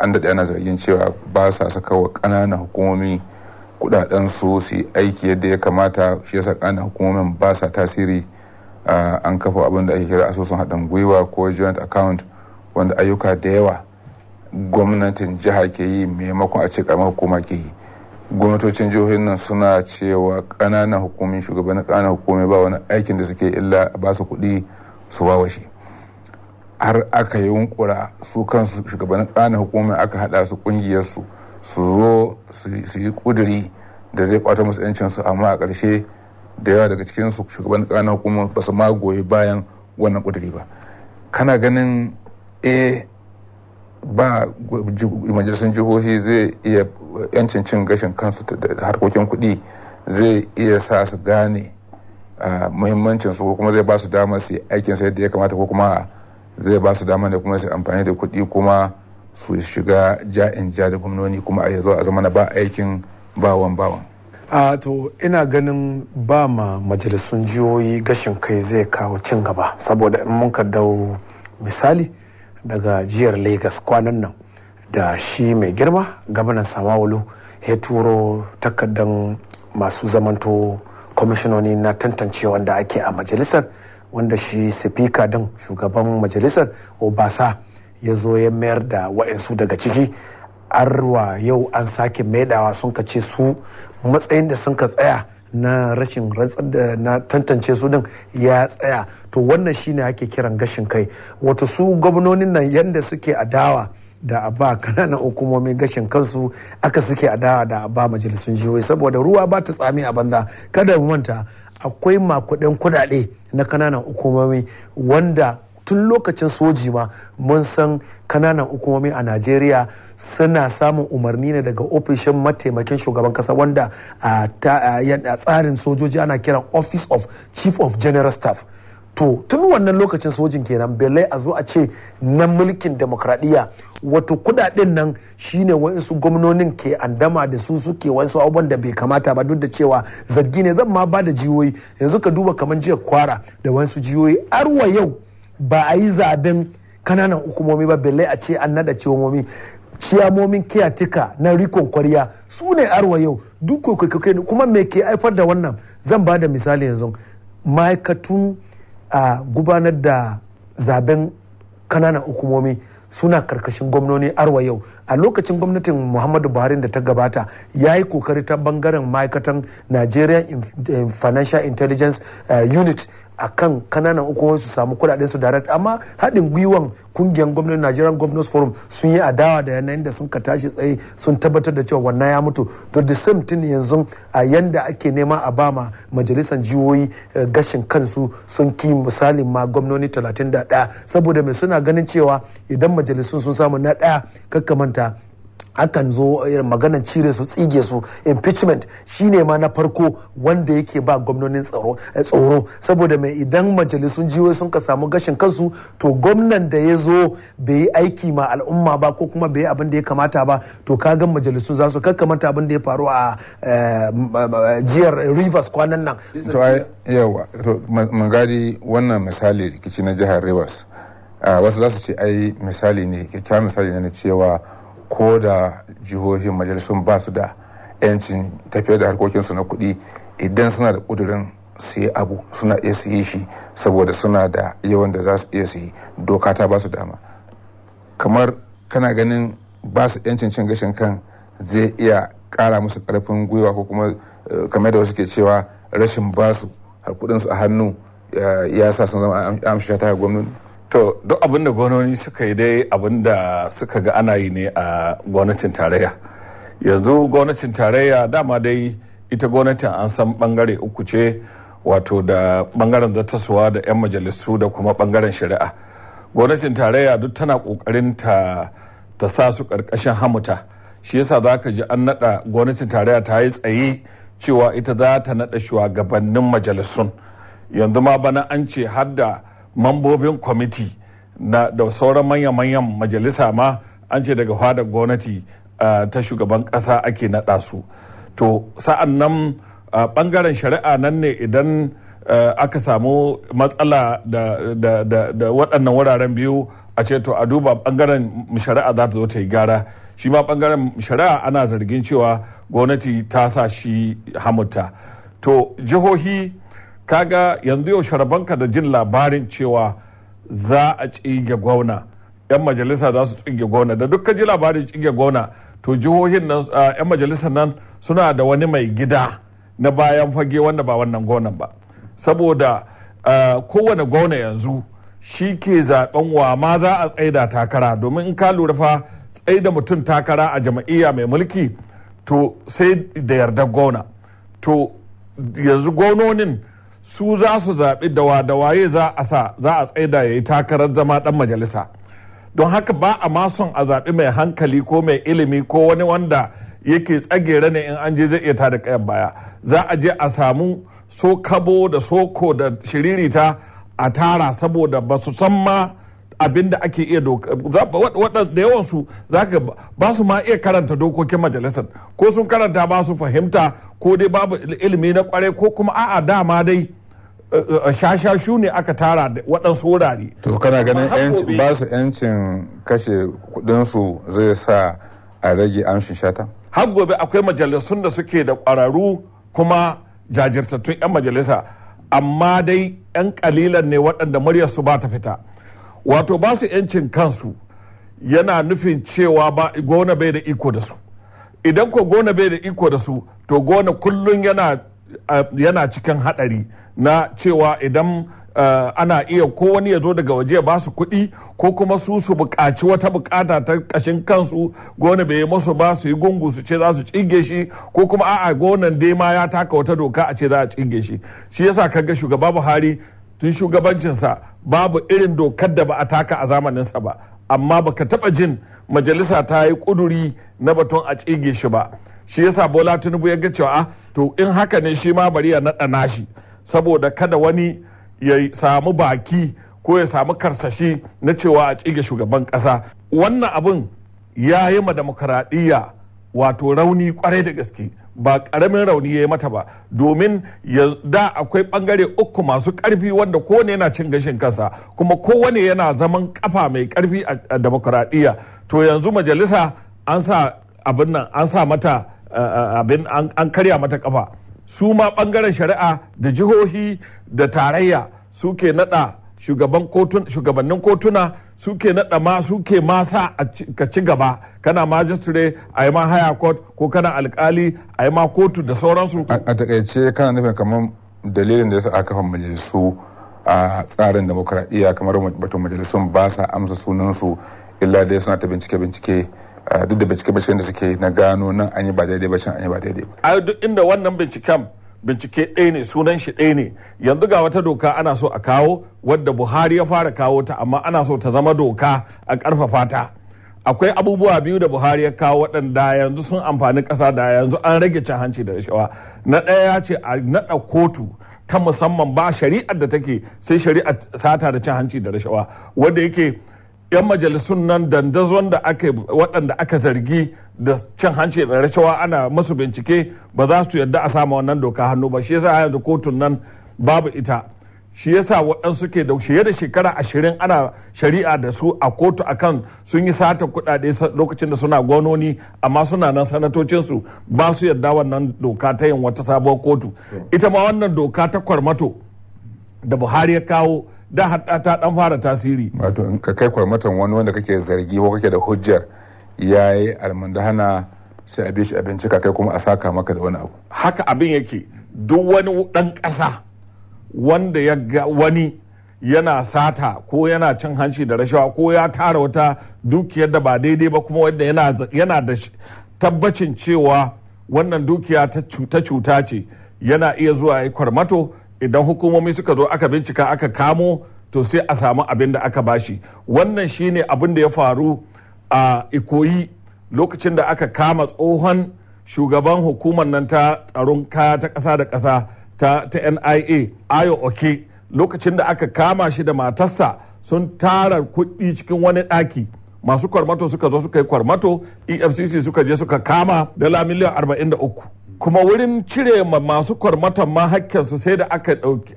an daɗe ana zargin cewa ba sa saka wa ƙananan hukumomi kudaden su su aiki yadda ya kamata shi yasa ƙananan hukumomin ba sa tasiri an kafa abin da ake kira asusun haɗin gwiwa ko joint account wanda ayyuka da yawa gwamnatin jiha ke yi maimakon a ce karamar hukuma ke yi gwamnatocin jihohin nan suna cewa ƙananan hukumomi shugabannin ƙananan hukumomi ba wani aikin da suke illa ba su kuɗi su wawa har aka yi wunkura su kansu shugabannin kanin hukumar aka haɗa su ƙungiyarsu su zo su yi ƙuduri da zai kwato musu 'yancinsu amma a ƙarshe da yawa daga cikinsu shugabannin kanin hukumar ba su ma goyi bayan wannan ƙuduri ba kana ganin a eh, ba majalisar jihohi zai iya 'yancin cin gashin kansu da harkokin kuɗi zai iya sa su gane ah, su ko kuma zai ba su damar su yi aikin sai yadda ya kamata ko kuma zai ba su dama ne kuma su amfani da kuɗi kuma su shiga ja'in ja da gwamnoni kuma a yanzu a zama na ba aikin bawan bawan a to ina ganin ba ma majalisun jihohi gashin kai zai kawo cin gaba saboda in mun dau misali daga jihar lagos kwanan nan da shi mai girma gabanan samawulu ya turo takardan masu zamanto kwamishinoni na tantance da ake a majalisar wanda shi sifika din shugaban majalisar obasa ya zo ya mayar da wa'insu daga ciki arwa yau an sake maidawa sun ka ce su matsayin da sun ka tsaya na rashin rantsar da na tantance su din ya tsaya to wannan shine ake kiran gashin kai wato su gwamnonin nan yadda suke adawa da a ba kananan hukumomi gashin kansu aka suke adawa da a ba majalisun jihohi saboda ruwa ba ta tsami a banza kada mu manta akwai makudan kudade na kananan hukumomi wanda tun lokacin soji ma mun san kananan hukumomi a najeriya suna samun umarni ne daga ofishin mataimakin shugaban kasa wanda a tsarin sojoji ana kiran office of chief of general staff to tun wannan lokacin sojin kenan belai a zo a ce na mulkin demokradiyya wato kudaden nan shine su gwamnonin ke andama da su suke wasu abubuwan da bai kamata ba duk da cewa zargi ne zan ma ba da jihohi yanzu ka duba kamar jiya kwara da wasu jihohi arwa yau ba a yi zaben kananan hukumomi ba belai a ce an nada ciwomomi ciyamomin kiyatika na rikon kwarya su ne arwa yau duk kuma me ke haifar da wannan zan ba da misali yanzu ma'aikatun a gudanar da zaben kananan hukumomi suna karkashin gwamnoni arwa yau a lokacin gwamnatin muhammadu buhari da ta gabata ya yi kokari ta bangaren ma'aikatan nigerian eh, financial intelligence eh, unit a kan kananan hukumar su samu kudaden su direct amma haɗin gwiwan kungiyar gwamnati Nigerian Governors Forum sun yi adawa da yanayin da sun ka tashi tsaye sun tabbatar da cewa wannan ya mutu to the same thing yanzu a yanda ake nema a bama majalisar jihohi eh, gashin kansu sun ki misalin ma gwamnoni 31 saboda mai suna ganin cewa idan majalisun sun samu na ɗaya kakkamanta akan zo irin maganar cire su tsige su impeachment shine ma na farko wanda yake ba gwamnonin eh, tsoro saboda mai idan majalisun jiwo sun ka samu gashin kansu to gwamnan da ya zo bai yi aiki ma al'umma ba ko kuma bai yi abin da ya kamata ba to ka gan majalisun za su kakkamanta abin da ya faru a eh, jiyar rivers kwanan nan to yawa magadi wannan misali rikici na jihar rivers ah, wasu za su ce ai misali ne kyakkyawan misali ne na cewa ko da jihohin majalisun ba su da 'yancin tafiyar da harkokinsu na kuɗi idan suna da ƙudurin su yi abu suna iya su yi shi saboda suna da yawan da za su iya su yi doka ta ba su dama kamar kana ganin ba su 'yancin cin gashin kan zai iya ƙara musu ƙarfin gwiwa ko kuma eh, kamar da wasu ke cewa rashin ba su a hannu eh, ya sa sun zama amshi ta gwamnati to duk abin da gwanoni suka yi dai abin da suka ga ana yi ne a gwamnatin tarayya yanzu gwamnatin tarayya dama dai ita gwamnatin an san bangare uku ce wato da bangaren zattasuwa da 'yan majalisu da kuma bangaren shari'a gwamnatin tarayya duk tana kokarin ta sa su karkashin hamuta shi yasa za ka ji an naɗa gwamnatin tarayya ta yi tsaye cewa ita za ta naɗa shugabannin majalisun yanzu ma bana an ce har da mambobin kwamiti da sauran manya-manyan majalisa ma an ce daga fadar gwamnati ta shugaban ƙasa ake naɗa su to sa'an nan ɓangaren shari'a nan ne idan aka samu matsala da waɗannan wuraren biyu a ce to a duba ɓangaren shari'a za ta zo ta yi gara shi ma ɓangaren shari'a ana zargin cewa gwamnati ta sa shi hamuta to jihohi kaga yanzu yau sharabanka da jin labarin cewa za a tsige gwamna yan majalisa za su tsige gwamna da dukkan ji labarin tsige gwamna to jihohin nan yan majalisa nan suna da wani mai gida na bayan fage wanda ba wannan gwamnan ba saboda kowane gwamna yanzu shi ke zaɓen wa ma za a tsaida takara domin in ka lura fa tsaida mutum takara a jam'iyya mai mulki to sai da yardar gwamna to yanzu gwamnonin su za su zaɓi dawa da waye za a sa za a tsaida ya yi takarar zama ɗan majalisa don haka ba a ma son a zaɓi mai hankali ko mai ilimi ko wani wanda yake tsagera ne in an je zai iya tada kayan baya za a je a samu so kabo da soko da shiririta a tara saboda ba su san ma abin da ake iya doka da yawansu za ka ba su ma iya karanta dokokin majalisar ko sun karanta ba su fahimta ko dai babu ilimi na kwarai ko kuma a'a dama dai eh, eh, shashashu ne aka tara da waɗansu wurare. to kana ganin ba su yancin kashe kudinsu zai sa a rage amshin shata har gobe akwai majalisun da suke da kwararru kuma jajirtattun 'yan majalisa amma dai 'yan kalilan ne waɗanda muryarsu ba ta fita. wato ba su 'yancin kansu yana nufin cewa ba gona bai da iko da su idan ko gona bai da iko da su to gona kullum yana, eh, yana cikin hadari na cewa idan Uh, ana iya ko wani ya zo daga waje ba su kuɗi ko kuma su su bukaci wata bukata ta ƙashin kansu gona bai masu ba su yi gungu su ce za su cinge shi ko kuma a'a gonan dai ma ya taka wata doka a ce za a cinge shi shi yasa kaga shugaba Buhari tun shugabancinsa babu irin dokar da ba a taka a zamaninsa ba amma baka taba jin majalisa ta yi kuduri na baton a tsige shi ba shi yasa bola tinubu ya ga cewa ah, to in haka ne shi ma bari ya naɗa nashi saboda kada wani ya samu baki ko ya samu karsashi na cewa a tsige shugaban ƙasa wannan abin ya yi ma demokaradiyya wato rauni kwarai da gaske ba karamin rauni ya yi mata ba domin da akwai bangare uku masu karfi wanda kowane yana cin gashin kansa kuma kowane yana zaman kafa mai karfi a demokuraɗiyya to yanzu majalisa an sa abin nan an sa mata abin an karya mata kafa su ma bangaren shari'a da jihohi da tarayya suke nada shugabannin kotuna suke naɗa ma suke masa ka ci gaba kana majistare a yi ma haya court ko kana alkali a yi ma kotu da sauransu a takaice kana nufin kamar dalilin da ya sa aka kafa majalisu a tsarin demokradiyya kamar batun majalisun ba sa amsa sunansu illa dai suna ta bincike bincike duk da bincike bincike da suke na gano nan an yi ba daidai ba shan an yi ba daidai ba a duk inda wannan binciken bincike ɗaya ne sunan shi ɗaya ne yanzu ga wata doka ana so a kawo wadda buhari ya fara kawo ta amma ana so ta zama doka a ƙarfafa ta akwai abubuwa biyu da buhari ya kawo waɗanda yanzu sun amfani ƙasa da yanzu an rage cin hanci da rashawa na ɗaya ya ce a naɗa kotu ta musamman ba shari'ar da take sai shari'ar sata da cin hanci da rashawa wadda yake 'yan majalisun nan dandazon da aka waɗanda aka zargi da cin hanci da rashawa ana masu bincike ba za su yarda a sama wannan doka hannu ba shi yasa yanzu kotun nan babu ita shi yasa waɗansu ke da shiye da shekara ashirin ana shari'a da su a kotu akan sun yi sata kuɗaɗe lokacin da suna gononi amma suna nan sanatocinsu ba su yarda wannan doka ta yin wata sabuwar kotu ita ma wannan doka ta kwarmato da buhari ya kawo da hada ta dan fara tasiri wato in ka kai kwarmatan wani wanda kake zargi ko kake da hujjar yayi almandahana sai a abinci ka kai kuma a saka maka da wani abu haka abin yake duk wani dan ƙasa wanda ya ga wani yana sata ko yana cin hanci da rashawa ko ya tara wata dukiyar da ba daidai ba kuma wanda yana da tabbacin cewa wannan dukiya ta cuta-cuta ce yana iya zuwa ya kwarmato idan hukumomi suka zo aka bincika aka kamo to sai a samu abin da aka bashi wannan shine abin da ya faru a ikoyi lokacin da aka kama tsohon shugaban hukumar nan ta tsaron kaya ta ƙasa da ƙasa ta, ta nia ayo oke lokacin da aka kama shi da matarsa sun tara kuɗi cikin wani ɗaki masu kwarmato suka zo suka yi kwarmato efcc suka je suka kama dala miliyan 43 kuma wurin cire masu kwarmatan ma hakkinsu sai da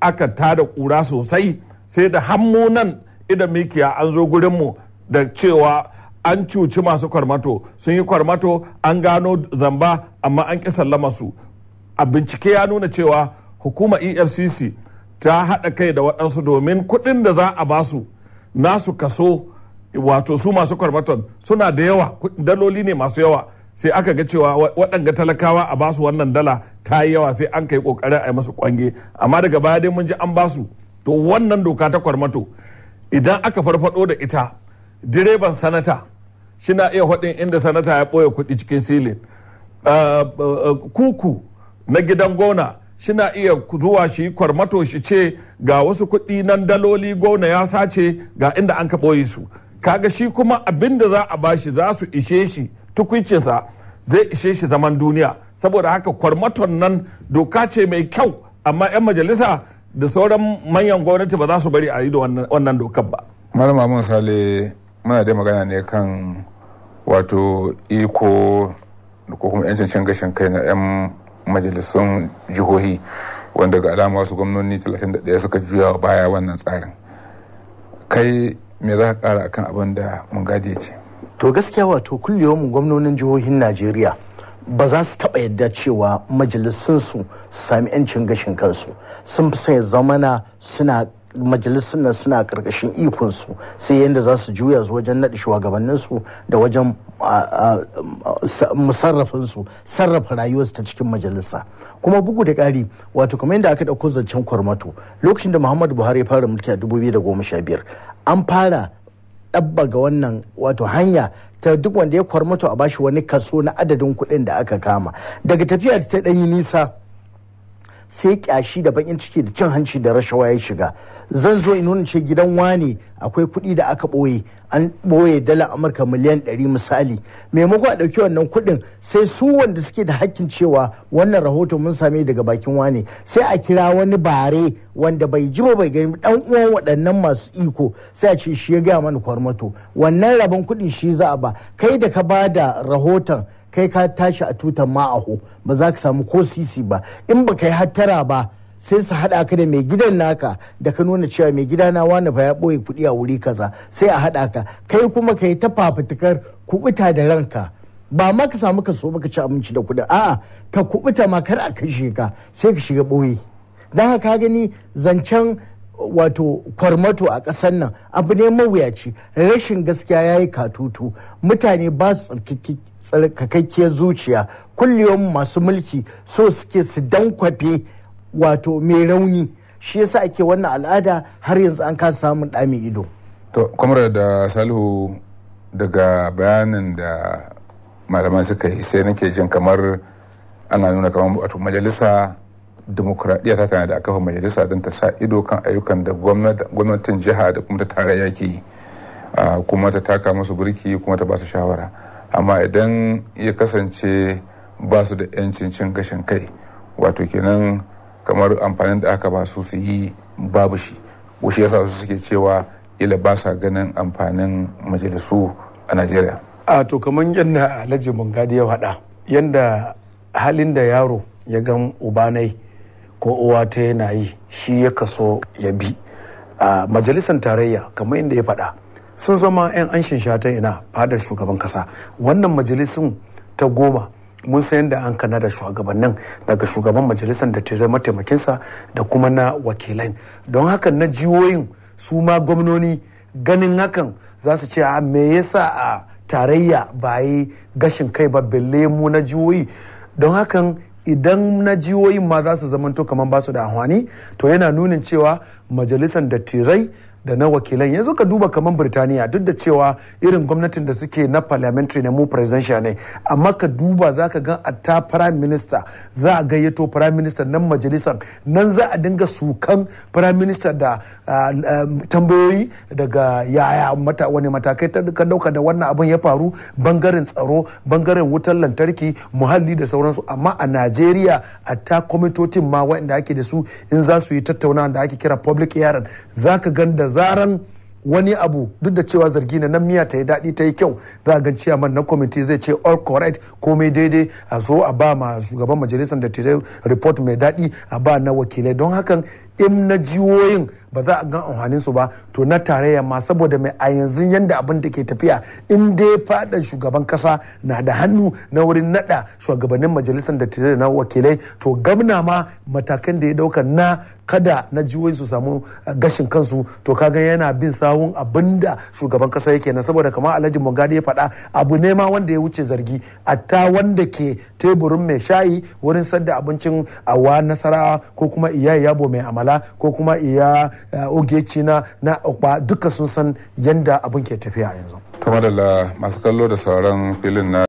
aka tada kura sosai sai da hammunan idan mikiya an zo mu da cewa an cuci masu kwarmato sun yi kwarmato an gano zamba amma an ƙi sallama su a bincike ya nuna cewa hukuma efcc ta haɗa kai da waɗansu domin kuɗin da za a basu nasu kaso wato su masu kwarmaton suna da yawa daloli ne masu yawa sai aka ga cewa waɗanga talakawa a basu wannan dala ta yi yawa sai an kai kokarin a yi masu kwange amma daga baya dai mun ji an basu to wannan doka ta kwarmato idan aka farfado da ita direban sanata shina iya haɗin inda sanata ya ɓoye kuɗi cikin silin uh, uh, uh, kuku na gidan gona shina iya zuwa shi kwarmato shi ce ga wasu kuɗi nan daloli gona ya sace ga inda an ka ɓoye su kaga shi kuma abin da za a bashi za su ishe shi tukuncinsa zai ishe shi zaman duniya saboda haka kwarmaton nan doka ce mai kyau amma 'yan majalisa da sauran manyan gwamnati ba za su bari a yi da wannan dokar ba malama mun sale muna dai magana ne kan wato iko ko kuma 'yancin cin gashin kai na 'yan majalisun jihohi wanda ga alama wasu gwamnoni 31 suka juya wa baya wannan tsarin kai me za ka kara akan abin da mun gade ce to gaskiya wato kullum gwamnonin jihohin najeriya ba za su taɓa yadda cewa majalisun su sami 'yancin gashin kansu sun fi sai zamana suna majalisun nan suna karkashin ikonsu sai yadda za su juya su wajen naɗi su da wajen su sarrafa rayuwarsu ta cikin majalisa kuma bugu da ƙari wato kamar yadda aka ɗauko zancen kwarmato lokacin da muhammadu buhari ya fara mulki a 2015 an fara ɗabba ga wannan wato hanya ta duk wanda ya kwar mutu a bashi wani kaso na adadin kuɗin da aka kama daga tafiya ta ɗanyi nisa sai kyashi da bakin ciki da cin hanci da rashawa ya shiga zan zo in nuna ce gidan wane akwai kuɗi da aka ɓoye an ɓoye dala amurka miliyan ɗari misali maimakon a ɗauki wannan kuɗin sai su wanda suke da hakkin cewa wannan rahoton mun same daga bakin wane sai a kira wani bare wanda bai ji bai gani ɗan uwan waɗannan masu iko sai a ce shi ya gaya mana kwarmato wannan rabon kuɗin shi za a ba kai da ka ba da rahoton kai ka tashi a tutan ma'aho ba za ka samu ko sisi ba in ba ka yi hattara ba sai su haɗa ka da mai gidan naka da ka nuna cewa mai gida na wani fa ya ɓoye kuɗi a wuri kaza sai a haɗa ka kai kuma ka yi ta fafutukar kuɓuta da ranka ba ma ka samu ka so ka ci abinci da kuɗi a'a ka kuɓuta ma kar a kashe ka sai ka shiga ɓoye don haka gani zancen wato kwarmato a ƙasar nan abu ne mawuyaci rashin gaskiya ya yi katutu mutane ba su tsarkakakkiyar zuciya kulliyon masu mulki so suke su dankwafe wato mai rauni shi yasa ake wannan al'ada har yanzu an kasa samun ɗa ido to kwamar da salihu daga bayanin da malaman suka yi sai nake jin kamar ana nuna kamar wato majalisa demokuraɗiyya ta tana da kafa majalisa don ta sa ido kan ayyukan da gwamnatin jiha da kuma ta tarayya ke kuma ta taka musu burki kuma ta ba su shawara amma idan ya kasance ba su da 'yancin cin gashin kai wato kenan kamar amfanin da aka ba su su yi babu shi wasu yasa su suke cewa ila ba sa ganin amfanin majalisu a najeriya a to kamar yadda alhaji bangadi ya faɗa yadda halin da yaro ya gan ubanai ko uwa ta yana yi shi ya kaso ya bi a majalisar tarayya kamar yadda ya faɗa sun zama 'yan anshin shata ina fadar shugaban kasa wannan majalisun ta goma mun san da an kana da shugabannin daga shugaban majalisar da tare mataimakinsa da kuma na wakilai don hakan na jihohin su ma gwamnoni ganin hakan za su ce a me yasa a tarayya ba yi gashin kai ba belle mu na jihohi don hakan idan na jihohin ma za su zamanto kamar ba su da amfani to yana nunin cewa majalisar tirai da na wakilan yanzu ka duba kamar birtaniya duk da cewa irin gwamnatin da suke na parliamentary ne mu presidential ne amma ka duba za ka gan ta prime minister za a gayyato prime minister nan majalisar nan za a dinga sukan prime minister da ah, ah, tambayoyi daga yaya wani matakai ka dauka da wannan abin ya faru bangaren tsaro bangaren wutar lantarki muhalli da sauransu amma a najeriya ta kwamitocin ma waɗanda ake da su in za su yi tattaunawa da ake kira public hearing za ka gan da zaran wani abu duk da cewa zargi na nan miya ta yi daɗi ta yi kyau za a gan ciyaman na kwamiti zai ce all correct komai daidai a zo a ba ma shugaban majalisar da report mai daɗi a ba na wakilai don hakan in na jiwoyin ba za a gan amfanin su ba to na tarayya ma saboda mai a yanzu yanda abin da ke tafiya in dai fadan shugaban kasa na da hannu na wurin nada shugabannin majalisar da da na wakilai to gamna ma matakan da ya dauka na kada na jiwoyi su samu eh, gashin kansu to kaga yana bin sawun abinda shugaban kasa yake na saboda kamar alhaji mungadi ya faɗa abu ne ma wanda ya wuce zargi a atta wanda ke teburin mai shayi wurin sadda abincin awa nasara ko kuma iya yabo mai amala ko kuma iya Eh, ogeci na na okpa duka sun san yanda abin ke tafiya yanzu. kamar da masu kallo da sauran filin na